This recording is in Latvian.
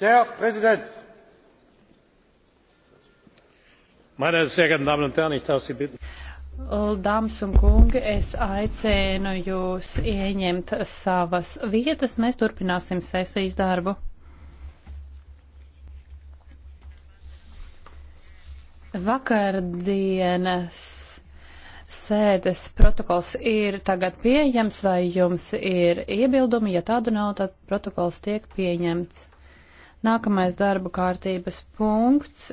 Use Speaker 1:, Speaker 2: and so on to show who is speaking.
Speaker 1: Herr Präsident! Meine sehr geehrten Damen und Herren, ich darf Sie bitten.
Speaker 2: Dāmas un kungi, es aicinu jūs ieņemt savas vietas. Mēs turpināsim sesijas darbu. Vakardienas sēdes protokols ir tagad pieejams, vai jums ir iebildumi? Ja tādu nav, tad protokols tiek pieņemts. Nākamais darba kārtības
Speaker 3: punkts